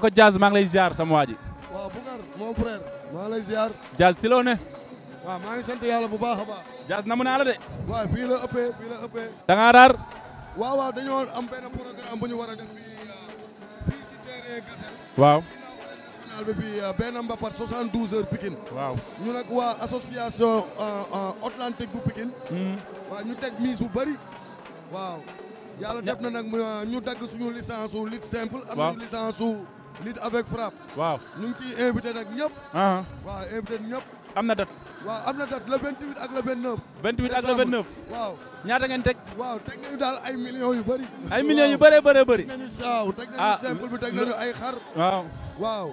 Papa Diaz maa ngi lay ziar sama waa ji. waaw Boucar mon frère maa ngi lay ziar. si loo maa ngi sant yàlla bu baax a baax. Diaz namu naa la de. waaw fii la ëppee fii la ëppee. da am benn programme bu ñu war a def fii euh, si terrain Gasel. waaw. national bi fii euh, benn ñu nag waa association euh, Atlantique bu Pikine. Hmm. waaw ñu teg mise bu bëri. waaw yàlla def na nag ñu dagg suñu licence su lutte am nañu lutte avec frappe. waaw ñu ngi ciy invité nag ñëpp. Ah. waaw invité ñëpp. am na date. waaw am na date le 28 ak le 29. 28 ak le 29. waaw ñaata ngeen teg. waaw teg nañu daal ay millions yu bëri. ay millions yu bëree bëree bëri. waaw teg nañu ah. simple bi teg nañu ay xar. waaw waaw.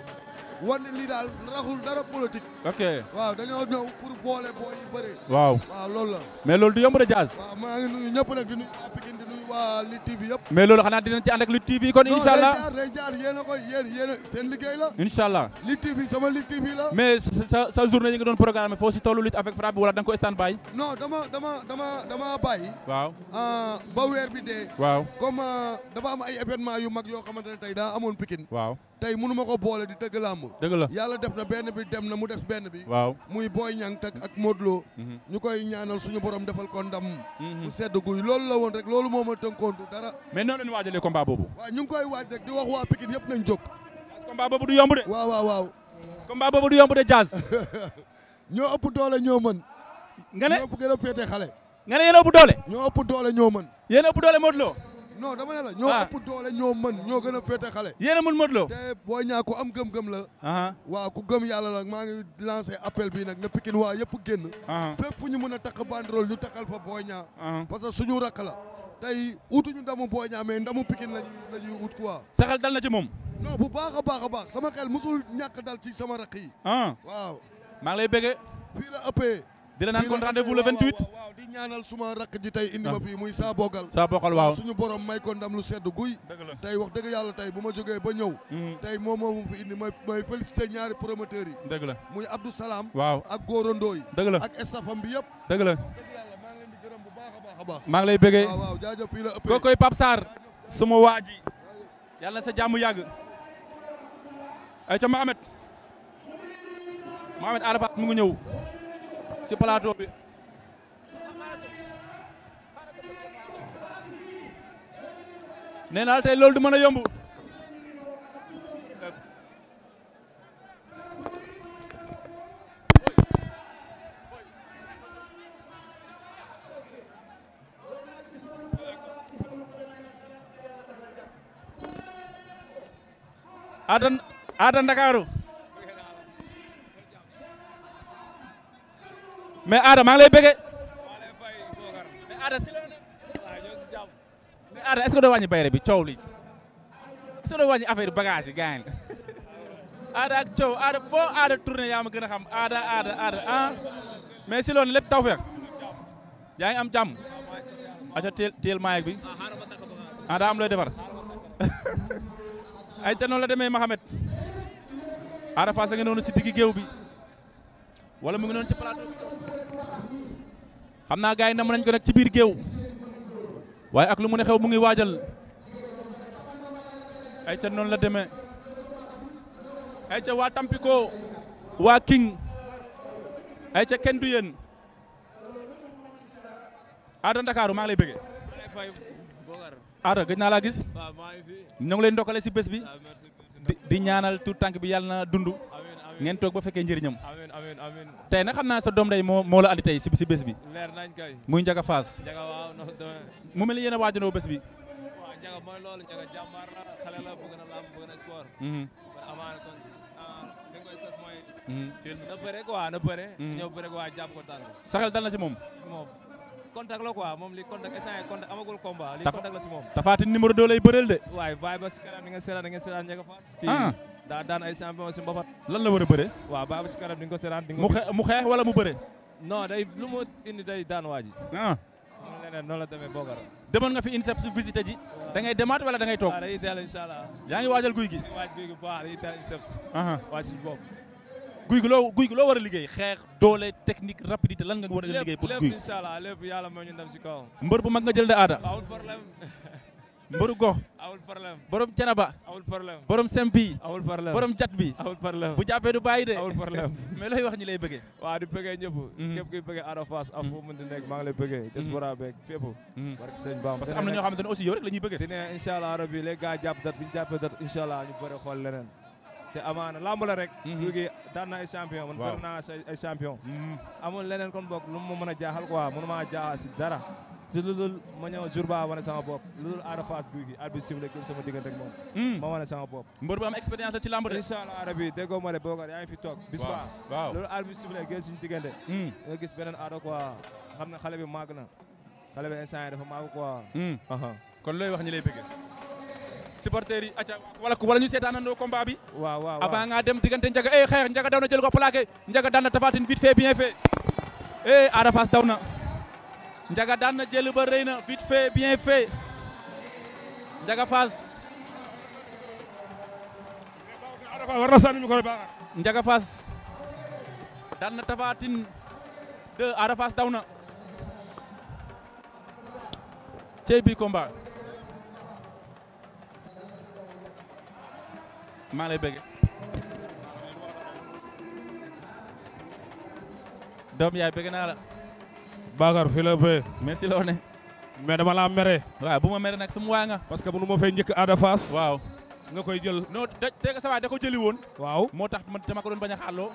wan ne lii daal raxul dara politique. ok waaw dañoo ñëw pour boole boo yi bëree. waaw waaw loolu la. mais loolu du yomb de Diaz. waaw maa ngi nuyu ñëpp nag di nuyu waa Pikine waa Lutte TV yëpp. mais loolu xanaa dina ci ànd ak Lutte TV kon incha allah non jaar day a koy yéen seen liggéey la. incha allah Lutte TV sama Lutte TV la. mais sa sa journée yi nga doon programme foo si tollu lutte avec frappe bi wala da nga ko stand by. non dama dama dama dama bàyyi. waaw ah, ba weer bi dee. waaw comme ah, dafa am ay événement yu mag yoo xamante ne tey daa amoon Pikine. waaw. tey mënu ko boole di tëgg làmb dëgg la yàlla def na benn bi dem na mu des benn bi waaw muy Boy Niang teg ak Modou mhm. ñu koy ñaanal suñu borom defal ko ndam mhm. mu sedd guy loolu la woon rek loolu moo ma tënkoon du dara mais noonu leen ko combat boobu waaw ñu ngi koy waaj rek di wax waa Pikine yëpp nañ jóg combat boobu du yomb de waaw waaw waaw combat boobu du yomb de Diaz ñoo ëpp doole ñoo mën nga ne ëpp gën a féete xale nga ne yéen ëpp doole ñoo ëpp doole ñoo mën yéen ëpp doole Modou Lo non dama ne la ñoo ah. ëpp doole ñoo mën ñoo gën a féete xale. yéen a mën Modou Lo. te booy ñaa ku am gëm-gëm la. waaw ku gëm yàlla la maa ngi lancé appel bii nag na Pikine waa yëpp génn. fépp fu ñu mën a takk banderole ñu takkal fa booy ñaa. parce ñu rakk la. tey utuñu ndamu booy ñaa mais ndamu Pikine lañuy lañuy ut quoi. saxal dal na ci moom. non bu baax a baax a baax sama xel mosul ñàkk dal ci sama rakk yi. waaw. maa ngi lay bëggee. fii la ëppee. di la naan kon rendez-vous le 28. waaw di ñaanal suma rakk ji tey indi ma ah. fii muy saa bokkal saa bokkal waaw suñu borom may ko ndam lu sedd guy tey wax dëgg yàlla tey bu ma jógee ba ñëw mm. tey moom moomu fi indi may may félicité ñaari promoteurs yi dëgg la muy Abdou Salam waaw ak Goro Ndoy dëgg la ak bi yëpp dëgg la maa ngi lay bëggee waaw jaajëf la ëppee kookoy Pape Sarr suma waa ji yàlla na sa jàmm yàgg ay ca Mohamed Mohamed Arafat mu ngi ñëw ci plateau bi nee naa tey loolu du mën a yomb Ada Ndakaaru mais Ada maa ngi lay bëggee. mais si la ne. mais Ada doo wàññi bayre bi coow li est-ce que doo wàññi affaire bagage yi gaañ coow Ada foo Ada tourné yaa ma gën a xam Ada Ada Ada ah si loolu lépp tawfeex yaa ngi am jàmm. aca teel teel maayeg bi ah daa am looy defar ay ca noonu la demee Mahamed Ada Fass a ngi noonu si diggi géew bi wala mu ngi noonu ci plateau xam naa gars yi nam nañ ko nag ci biir géew waaye ak lu mu ne xew mu ngi waajal ay ca noonu la deme ay ca waa Tampico waa King ay ca kenn du yéen Ada Ndakaaru maa ngi lay bëggee Ada gëj naa laa gis ñoo ngi leen ndokkale si bés bi di ñaanal tu tànk bi yàlla na dund ngeen toog ba fekkee njëriñam amiin amiin tey nag xam naa sa doom day moo moo la andi tey si si bés bi leer nañ kay muy Njaga Faas mu mel ni yéen a waajanoo bés bi waaw Njaga mooy loolu Njaga jàmbaar la xale la bëgg na làmb bëgg na ko daal sa xel dal na si moom contact la quoi moom li contact instant contact amagul combat li contact la si moom. Tapha Tine numéro 2 lay bëreel de. waay bàyyi nga seetaan di a ah. daan ay champion si mbapat. lan la war a bëree. waaw bàyyi ba mu xeex mu mu bëree. non ah. la demee Bokar. demoon nga fi INSEP su visité demaat wala da toog. Ah, yaa ngi waajal guy gi. waaj guy gi bu guy gi guy gi loo war a liggéey xeex doole technique rapidité lan nga war a liggéey pour guy lépp incha allah lépp yàlla moo ñu dem si kaw mbër bu mag nga jël de aada amul problème mbëru gox amul problème borom canaba amul problème borom sempi yi amul problème bu jàppee du de amul looy wax ñi lay bëggee waaw di bëggee ñëpp mhm. képp kuy bëggee Ada Fass ak di nekk maa lay bëggee mhm. diaspora beeg fépp mhm. barke sëñ parce que am na ñoo xamante ne aussi yow rek la ñuy dat bi ñu dat incha allah ñu bëri leneen te amaana lamb rek. léegi mhm. daan na ay champion. man bëri naa ay champion. Mhm. leneen kon bokk lu mu mën a jaaxal quoi mënu maa jaaxal si dara. te loolu ma ñëw jour ba wane sama bopp loolu Ada Fass guy gi arbitre siffle gën sama diggante ak moom. Mhm. ma wane sama bopp. mbër bu am expérience la ci lamb de. allah rabi déggoo ma de Bokar yaa ngi fi toog. bis ba waaw loolu arbitre siffle gën suñu diggante. nga gis beneen Ada quoi xam ne xale bi màgg na xale bi instant yii dafa màgg quoi. supporters yi acca wala wala ñu seetaanandoo combat bi. waaw waaw dem diggante Ndiaga eh xeex Ndiaga daw na jël ko plaqué Ndiaga daan na Tapha Tine vite fait bien fait. eh Ada Fass na. Ndiaga daan na jël ba rëy na vite fait bien fait. Ndiaga Fass. daan na Tapha Tine 2 Ada na. cey bi maa lay bëgg doom yaay bëgg naa la Bakar fi la fee merci dama laa mere waaw bu ma mere nag sama waa nga parce que mënu ma fee njëkk Ada Fass waaw nga koy jël non c'est que sa waay jëli woon waaw moo tax dama ko doon bañ a xàlloo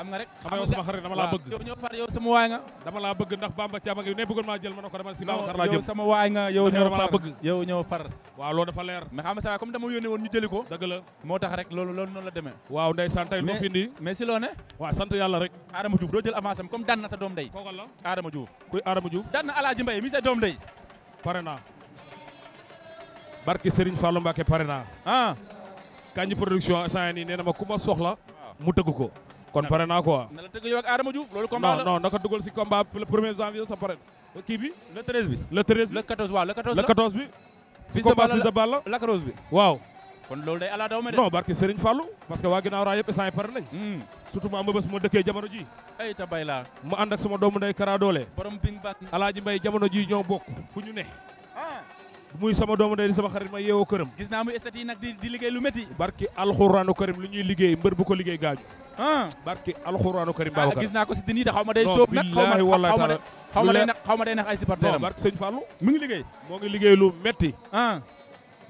xam nga rek xam nga yow sama xarit dama laa bëgg yow ñoo far yow sama waay nga dama laa bëgg ndax Bamba Thiam ak yow ne bëggoon maa jël ma ne ko dama si Babacar laa jëm yow sama waay nga yow ñoo far bëgg yow ñoo far waaw loolu dafa leer mais xam nga sa comme dama yónnee woon ñu jëli ko dëgg la moo tax rek loolu loolu noonu la demee waaw ndeysaan tey loo fi indi mais si loo ne waaw yàlla rek Adama Diouf doo jël avance am daan na sa doom day kookal Adama Diouf kuy Adama Diouf daan na Alaaji Mbaye mi sa doom day pare naa barke Serigne Fallou ah. mu tëgg ko kon pare naa quoi. na la tëgg yow dugal si combat le premier sa pare kii bi. le 13 bi le 13 bi le 14 waaw le 14 la le 14 bi. fils de Balla la waaw. kon loolu day ala de. non barke Serigne Fallou parce waa ginnaaw raa yëpp instant pare nañ. Hmm. surtout ma mbëbës dëkkee jamono ji ay ta bay doomu nday Kara Alaaji Mbay jamono ji ñoo bokk fu ñu ne. muy sama doomu de di sama xarit ma yeewoo këram. gis naa muy état yi nag di di liggéey lu métti. barki alxuraanu karim lu ñuy liggéey mbër bu ko liggéey gaañu. Ah. barki alxuraanu karim ah, Babacar gis naa ko si dini da xaw ma day sóob nag xaw ma de xaw ma day nag xaw ma day nag ay supporteram. bon barki sëñ Fallou. mu ngi liggéey. moo ngi liggéey lu métti. Ah.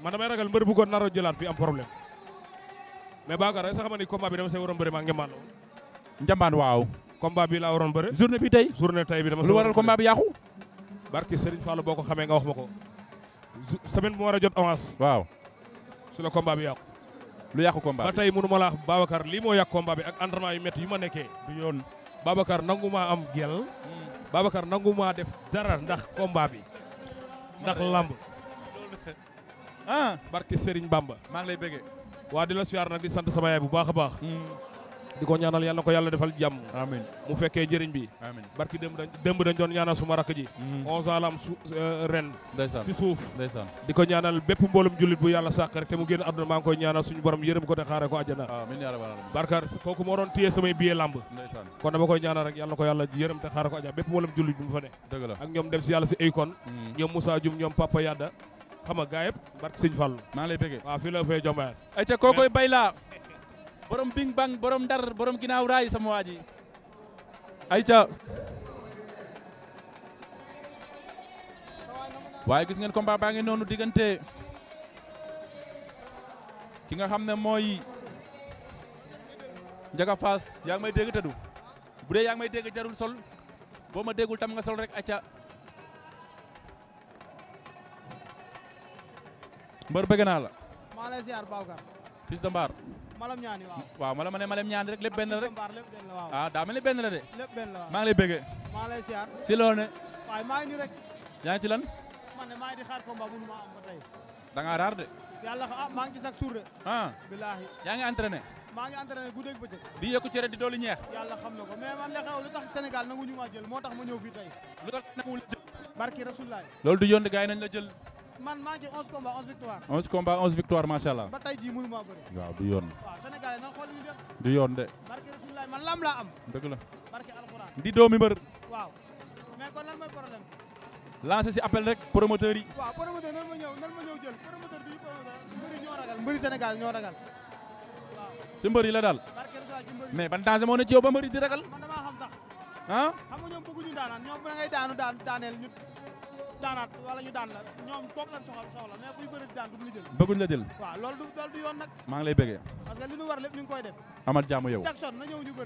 man damay ragal mbër bu ko naroo jëlaat fi am problème. mais Babacar rek sax xam ni combat bi dama see waroon bëri waaw. combat bi laa waroon bëri. journée bi tey journée tey bi dama. lu waral combat bi yàqu. barki Serigne Fallou boo ko xamee nga wax ma ko semaine bu war a jot avance. waaw sula la combat bi yàqu. lu yàqu combat bi ba tey mënu la wax lii moo yàqu combat bi ak entraînement yu métti yu ma nekkee. du yoon Babacar nangu maa am gel hmm. Babacar nangu maa def dara ndax combat bi ndax lamb. ah barke Serigne Bamba. maa ngi lay bëggee. waa di la siyaar nag di sant sama bu baax a baax. Hmm. di ko ñaanal yàlla ko yàlla defal jàmm amiin mu fekkee njëriñ bi barki démb dañ doon ñaanal suma rakk ji mm-hmm. onze ans su euh, ren ndeysaan suuf di ko ñaanal bépp mboolum jullit bu yàlla sàkk rek te mu génn àdduna maa koy ñaanal suñu borom yërëm ko te xaare ko àjjana amiin yaa kooku moo doon téye samay billet làmb kon dama koy ñaanal rek yàlla ko yàlla yërëm te xaare ko àjjana bépp mboolum jullit bu mu fa ne ak ñoom dem si yàlla si Akon mm-hmm. ñoom Moussa Dioum ñoom Papa Yada xam borom bing bang borom ndar borom ginaaw raay sama waa ji waaye gis ko combat baa ngi noonu diggante ki nga xam ne mooy Ndiaga Fass yaa ngi may dégg tëdu bu yaa ngi may dégg jarul sol boo ma déggul tam nga sol rek acca ca bëgg naa la maa lay malam ñaani waaw waaw ma la ma ne malam ñaani rek lépp benn la rek ah daa mel la de lépp benn la maa ngi lay bëgge maa si loo ne waaye ngi ni rek yaa ngi ci lan man ne maa ngi di xaar combat mënu ma am ba tey da ngaa raar de yàlla ah maa ngi ci chaque jour de ah billaahi yaa ngi entraîné maa ngi entraîné guddeeg bëccëg di yokku cere di doolu ñeex yàlla xam na ko mais man la xew lu tax Sénégal nanguñu maa jël moo tax ma ñëw fii tey lu tax nanguwul barki rasulaay loolu du yoon de gars yi nañ la jël man maa ngi ci 11 combats 11 victoires. 11 combats 11 ba tey jii mënu maa bëri. waaw du yoon. du yoon de. barke Rasulullah man lam laa am. dëgg doomi mbër. waaw si appel rek promoteur yi. waaw promoteur nan ma ñëw nan ma ñëw jël promoteur bi promoteur mbëri ñoo ragal mbëri Sénégal ñoo ragal. si mbëri la daal. barke Rasulullah ci ban danger moo ci yow ba di ragal. man damaa xam sax. ah. xam ñoom bëgguñu daanaan ñoom da daaneel ñu daanaat wala ñu daan la ñoom kooku lan soxla soxla mais kuy bëri daan du mu la jël bëgguñ la jël waaw loolu du loolu du yoon nag maa ngi lay parce li ñu war lépp ñu koy def amal jaamu yow Jackson na ñëw ñu